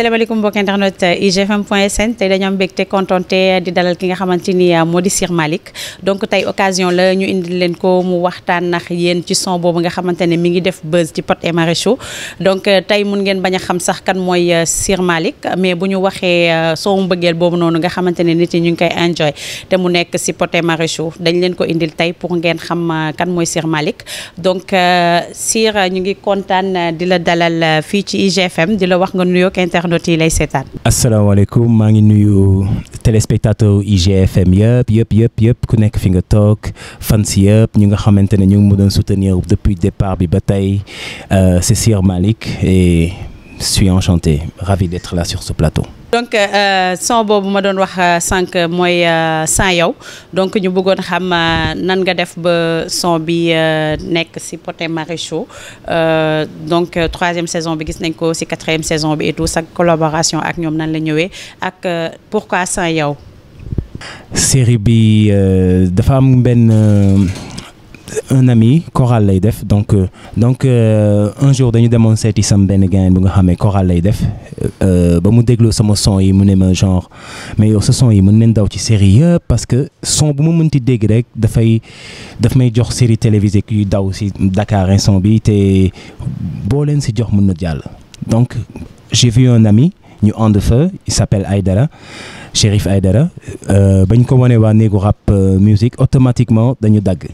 alaykum bokk internet eh, igfm.sn tay dañu am bekté contenté di dalal ki nga xamanteni eh, modi Sir malik donc tay occasion la ñu indi leen ko mu waxtaan nak yeen ci son bobu nga xamanteni mi ngi def buzz ci pot et Marichou donc eh, tay mun ngeen baña xam sax kan moy Sir malik mais buñu waxé waxee son bëggel bobu nonu nga xamanteni nit ñu ngi koy enjoy té mu nekk ci pot et Marichou dañ leen ko indil tay pour ngeen xam kan moy Sir malik donc Sir ñu ngi contane di la dalal fi ci igfm di la wax nga nuyoo internautes alaikum lay assalamu alaikum téléspectateur IGFM yup, yup, yup, fancy ku nek fi nga tok fans yep ñu soutenir depuis départ de la euh, c'est Sir Malik et je suis enchanté ravi d'être là sur ce plateau donc euh, son Bob, ma euh, euh, sans donc nous avons nan nga def ba pour bi donc troisième saison bi quatrième saison et tout sa collaboration avec nous, nan la pourquoi sans série un ami Coral lay def donc euh, donc euh, un jour dañu demoon seeti sam ben gain bu nga xamé Coral lay def euh, ba mu dégloo sama son yi mu ma genre mais yow sa son yi mën nañ daw ci série parce que son bu ma mënti dégg rek dafay daf may jox série télévisée kuy daw ci Dakar son bi te bo len si jox mën na donc j'ai vu un ami ñu de feu il s'appelle Aïdara Aidara Aïdara bañ ko wanee waa néegu rap musique automatiquement dañu dag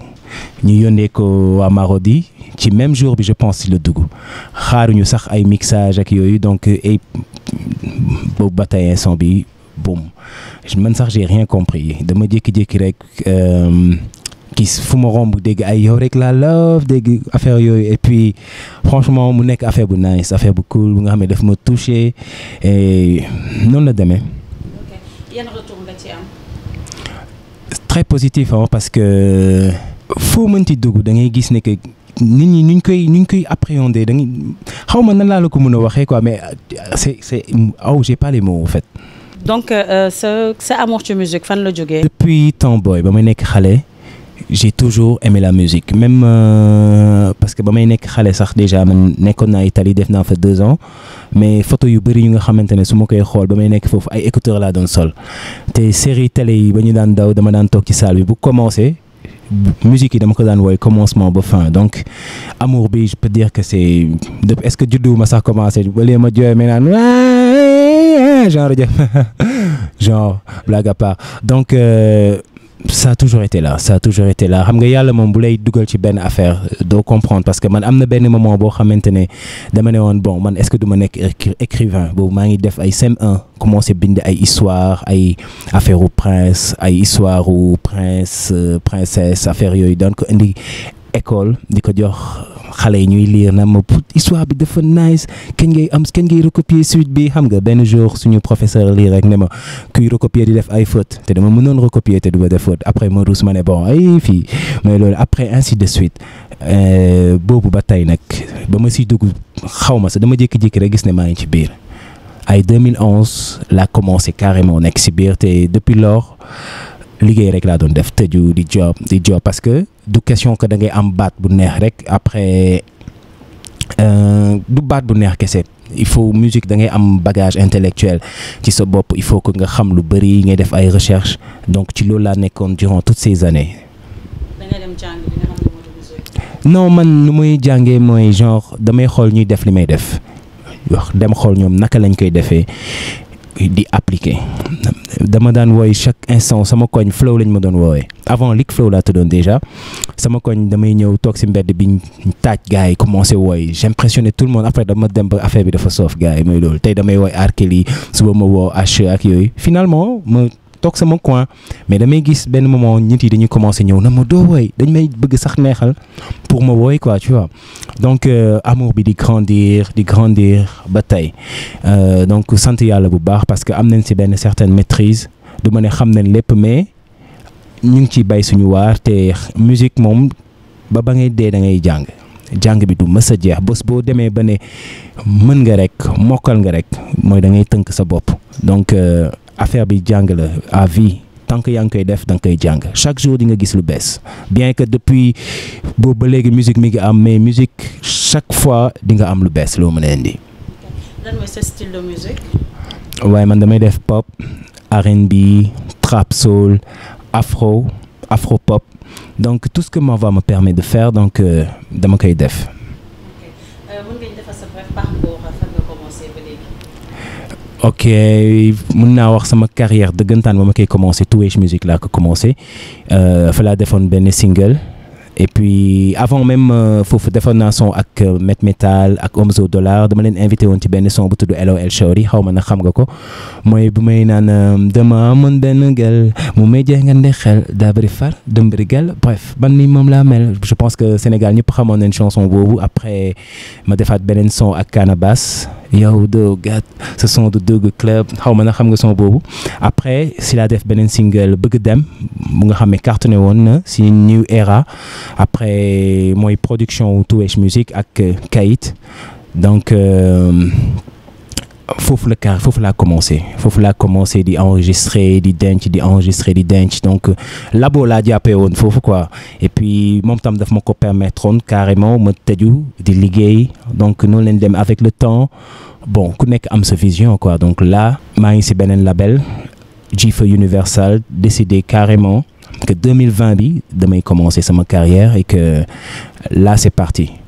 ñu yónnee ko waa Marodi ci même jour bi je pense si Dougou. dugg xaaruñu sax ay mixage ak yooyu donc et boobu bataille tey son bi boum man sax j'ai rien compris dama jékki-jékki rek ki euh, fu ma romb dégg ay yow rek la love des affaire et puis franchement mu nek affaire bu nice affaire bu cool bu nga xam ne daf ma et non le demee. ok retour nga ci am. très positif hein, parce que fo meunti dugg da ngay gis ne que nit ñi nuñ koy nuñ koy appréhender da ngay xaw ma nan la ko mën a quoi mais euh, c'est c'est aw oh, j'ai pas les mots en fait. donc euh, euh, ce sa amour de musique fan la jogué depuis temps Boy, ba may nekk xale j'ai toujours aimé la musique même euh, parce que ba may nekk xale sax déjà man nekkoon na Italie def naa fa deux ans mais photo yu bëri yu nga xamantene suma koy xol ba may nekk foofu ay écouteurs la doon sol té série télé yi bañu dan daw dama dan toog ci salle bi bu commencer musique de mon côté commence commencement à fin donc amour bi je peux dire que c'est est-ce que du ma ça commencé genre genre blague à part donc. Euh, ça a toujours été là ça a toujours été là xam nga yalla mom bu lay dugal ci ben affaire do comprendre parce que man amna ben moment bo xamantene dama ne bon man est-ce que duma nek écrivain bo maa ngi def ay CM1 commencer bind ay histoire ay affaire au prince ay histoire au prince euh, princesse affaire yoy donc indi école di ko jox xale ñuy lire na ma histoire bi dafa nice kañ ngay am kañ ngay recopier suite bi xam nga benn jour suñu professeur lii rek ne ma kuy recopier di def ay faute te dama mënoon recopier te du ma def faute après ma ruus ma ne bon ay fi mais loolu après ainsi de suite euh, boobu ba tey nag ba ma siy dugg xaw ma sax dama jékki-jékki rek gis ne maa ngi ci biir. ay 2011 la commencé carrément nekk si biir te depuis lors liggéey rek la doon def teju di job di job parce que du question que da ngay am bat bu neex rek après euh, du bat bu neex kese il faut musique da ngay am bagage intellectuel ci sa bop il faut que nga xam lu bëri ngay def ay recherche donc ci loolu laa nekkoon durant toutes ces années. non man nous muy jàngee mooy genre damay xol ñuy def limay def wax dem xol ñom naka lañ koy défé di appliquer dama madame woy chaque instant sama koñ flow lañ ma don avant lig flow te me déjà sama koñ damay me tok un mbedd biñ taaj gaay commencé j'ai impressionné tout le monde après dama dem affaire bi dafa gaay tay damay woy Arkeli suba ma finalement toog sama coin mais damay gis ben moment nit yi dañuy commencer ñew na ma do way dañ may bëgg sax neexal pour ma woy quoi tu vois donc euh, amour bi di grandir di grandir ba euh, donc sante yalla bu baax parce que am nañ ben benn certaine maîtrise du mané ne xam nañ lépp mais ñu ngi ci bay suñu war te musique mom ba ba ngay dé da ngay jàng jàng bi du mës a jeex bés boo demee ba ne mën nga rek mokal nga rek moy da ngay teunk sa bop donc. Euh, affaire bi jungle à vie tant que yaa koy def dang koy chaque jour di nga gis lu bess bien que depuis bo ba léegi musique mi ngi am mais musique chaque fois di nga am lu bess lo meune indi. lan style de musique. Ouais, man damay def pop R&B trap soul afro afro pop donc tout ce que ma voix me permet de faire donc euh, mon koy def. Euh, ok mon naa wax sama carrière dëggantaan ba ma koy commencé Touwesh Musique laa ko commencé euh, fa laa defoon benn single et puis avant même euh, foofu defoon naa son ak euh, Met Metal ak Omzo Dollar dama leen invité woon ci benn son bu tudd LOL Shorty xaw ma na xam nga ko mooy bu may naan dama amoon benn gel mu may jeex nga nde xel daa far dem bëri bref man ni moom laa mel je pense que Sénégal ñëpp xamoon une chanson boobu après ma defaat beneen son ak Canabasse ce sont de deux club après c'est la def single beug dem nga si New Era après moy production ou de Music ak donc. Euh, il la car il laa commencé commencer a commencé di enregistrer di denc di enregistrer di donc euh, labo laa jàppee woon quoi et puis mon tam daf mon copain permettre carrément ma tëju di liguer. donc nous, avec le temps bon ku nekk am vision quoi donc là maïs et si label Jiff Universal décidé carrément que 2020 demain vais commencer ma carrière et que là c'est parti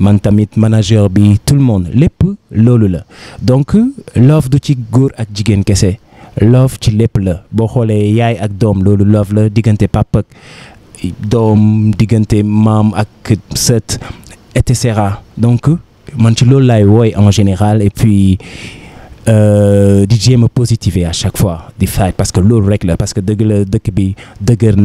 man tamit manager bi tout le monde lepp lolou la donc love du ci gor ak jigéen love ci lepp la bo xolé yaay ak Dom, lolou love la diggante papa Dom, doom mam ak set et cetera donc man ci lolou lay woy en général et puis euh, jéem me positiver à chaque fois des fois parce que loolu rek parce que dëgg la bi dëgër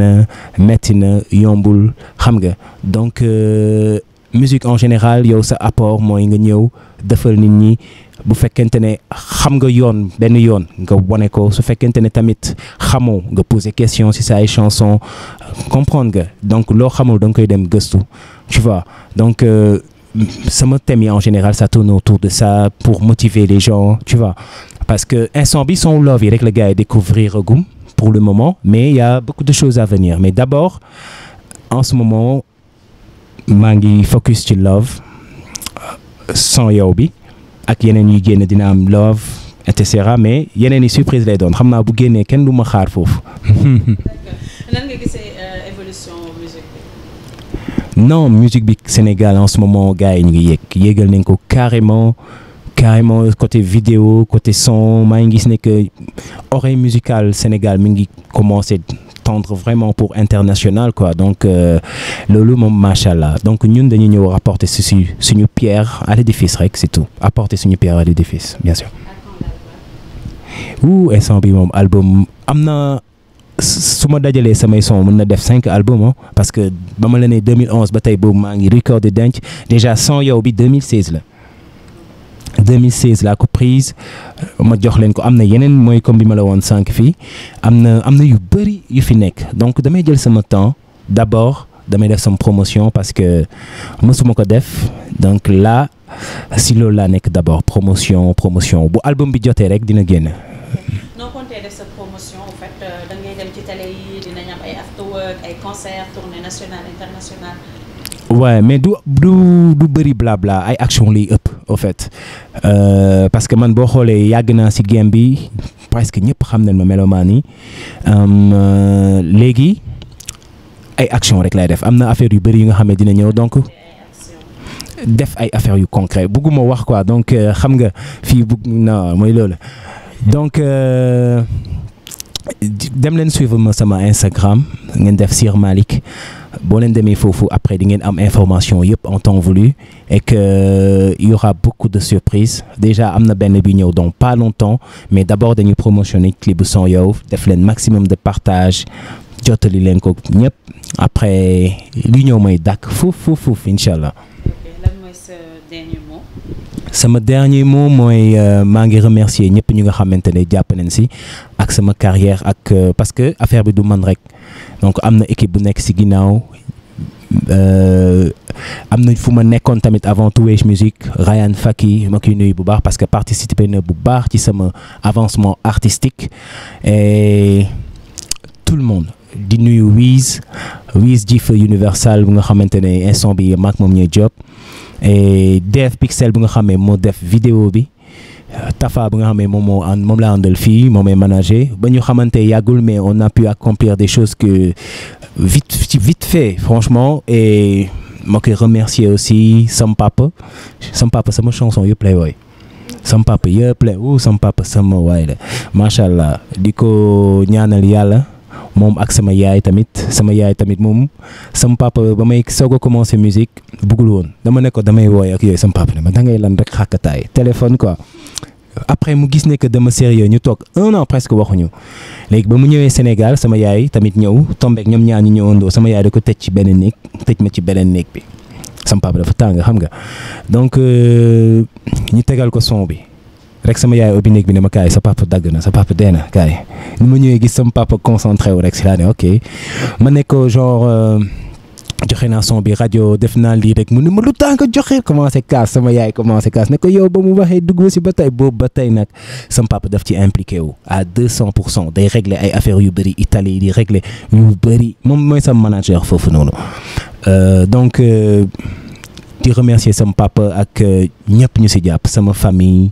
metti na yombul xam nga donc euh, musique en général yow sa apport mooy nga ñew defal nit ñi bu fekkente ne xam nga yoon benn yoon nga wane ko su fekkente ne tamit xamoo nga poser question si sa chanson comprendre nga donc loo xamul da nga koy dem gëstu tu vois donc euh, sama thème en général ça tourne autour de ça pour motiver les gens tu vois parce que ensemble bi son love avec le gars et découvrir Goum pour le moment mais il y a beaucoup de choses à venir mais d'abord en ce moment Mangi focus ci love sans yow bi ak yenen yuy génn dina am love et cetera mais yenen surprise lay doon xamna bu génnee ken du ma xaar fofu nan nga gisee euh, évolution musique non musique bi Sénégal en ce moment gaay yi ñu ngi yéeg nañ ko carrément carrément côté vidéo côté son Mangi gis ne que oreille musicale Sénégal mi ngi tendre vraiment pour international quoi donc euh, lolo mon macha donc nous dañuy ñëw rapporter c'est suñu pierre à l'édifice rek c'est tout apporter suñu pierre à l'édifice bien sûr. où est bi un album amna ce mois ma son mën def cinq albums hein, parce que dans l'année 2011 bataille tey record maa ngi déjà 100 yow 2016 là 2016 laa ko prise euh, ma jox ko amna yenen moy comme bima la yu yu donc damay sama temps d'abord damay def promotion parce que def donc là si d'abord promotion promotion bu album bi joté rek dina guen no def sa promotion en fait euh, da dem ci télé yi dina ñam ay after work concert tournée nationale internationale ouais mais du du du bëri blabla ay action lay ëpp au fait euh, parce que man bo xolé yagna naa si game bi presque ñep xam nañ ma melomaan yi euh, léegi ay action rek lay def Amna affaire yu bëri yi nga xamé dina ñëw donc def ay affaire yu concret bugguma wax quoi donc euh, xam nga fi na moy loolu donc dem len suivre ma sama Instagram ngeen def Sir Malik bolen leen fofu après di ngeen am information yep en temps voulu et que il euh, y aura beaucoup de surprises déjà amna ben benn bi ñëw donc pas longtemps mais d'abord dañuy promotionner clip son Yow def len maximum de partage jotali len ko ñëpp après li ñëw may d'acc fofu fofu inshallah incha dernier mot. sama dernier mot moy euh, maa ngi remercier ñëpp ñi nga xamantene ne jàpp nañ si ak sama carrière ak euh, parce que affaire bi du man rek donc amna équipe bu nek ci ginaaw euh amna fuma ma tamit avant tout Age Music Ryan Faki ma koy nuyu bu baax parce que participer na bu baax ci sama avancement artistique et tout le monde di nuyu Wiz Wiz Jifa Universal bu nga xamantene ne instant bi mak mom ñe job eh, DF Pixel bu nga xam ne def vidéo bi euh, Tafa bu nga mon ne moom moo ànd moom laa manager ba ñu xamante yàggul mais on a pu accomplir des choses que euh, vite vite fait franchement et moi que remercier aussi sama papa sama papa sama chanson you play boy sama papa you play woo sama papa sama waay la machallah allah di ko ñaanal Mom ak sama yaay tamit sama yaay tamit mom sama papa commencé musique bugul won dama ne ko damay woy ak yoy sama papa ne ma lan rek xakataay téléphone quoi. après mu gis ne que dama sérieux ñu tok un an presque waxuñu léegi ba mu Sénégal sama yaay tamit ñëw ñom ñu sama yaay da ko tecc ci ma ci bi sama papa dafa xam nga donc euh, ñi ko rek sama yaay ubbi néeg bi ne ma kaay sa papa dagg na sa papa dee na kaay ni ma ñëwee gis sama papa concentré wu rek si laa ne ok ma nekk genre euh, joxe naa son bi radio def naa lii rek mu ne ma lu tax nga joxe commencé kaas sama yaay commencé kaas ne ko yow ba mu waxee dugg si ba tey boobu ba tey nag sama papa daf ci impliqué wu à 200 pour cent day régler ay affaire yu bëri Italie di régler yu bëri moom mooy sama manager foofu noonu euh, donc euh, di remercier sama papa ak ñëpp ñu si jàpp sama famille.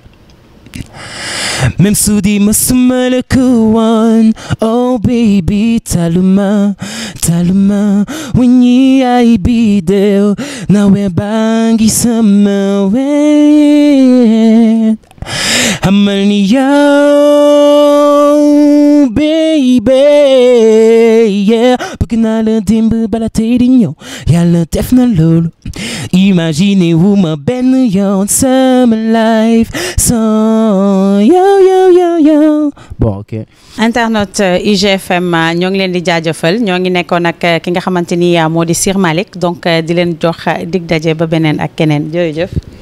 ממסודי le לכוואן Oh baby taluma taluma Winyi ai bidel Na we bangi sama we Hamalni yao baby Yeah bëgg dimbe la démb bala tey di ñëw yàlla wu ma benn yon sama life sans yo yo yo yo bon ok internet euh, IGFM euh, ñoo ngi leen di jaajëfal ñoo ngi nekkoon ak euh, ki nga xamante ni moo Sir Malick donc di leen jox dig daje ba beneen ak Kenen jërëjëf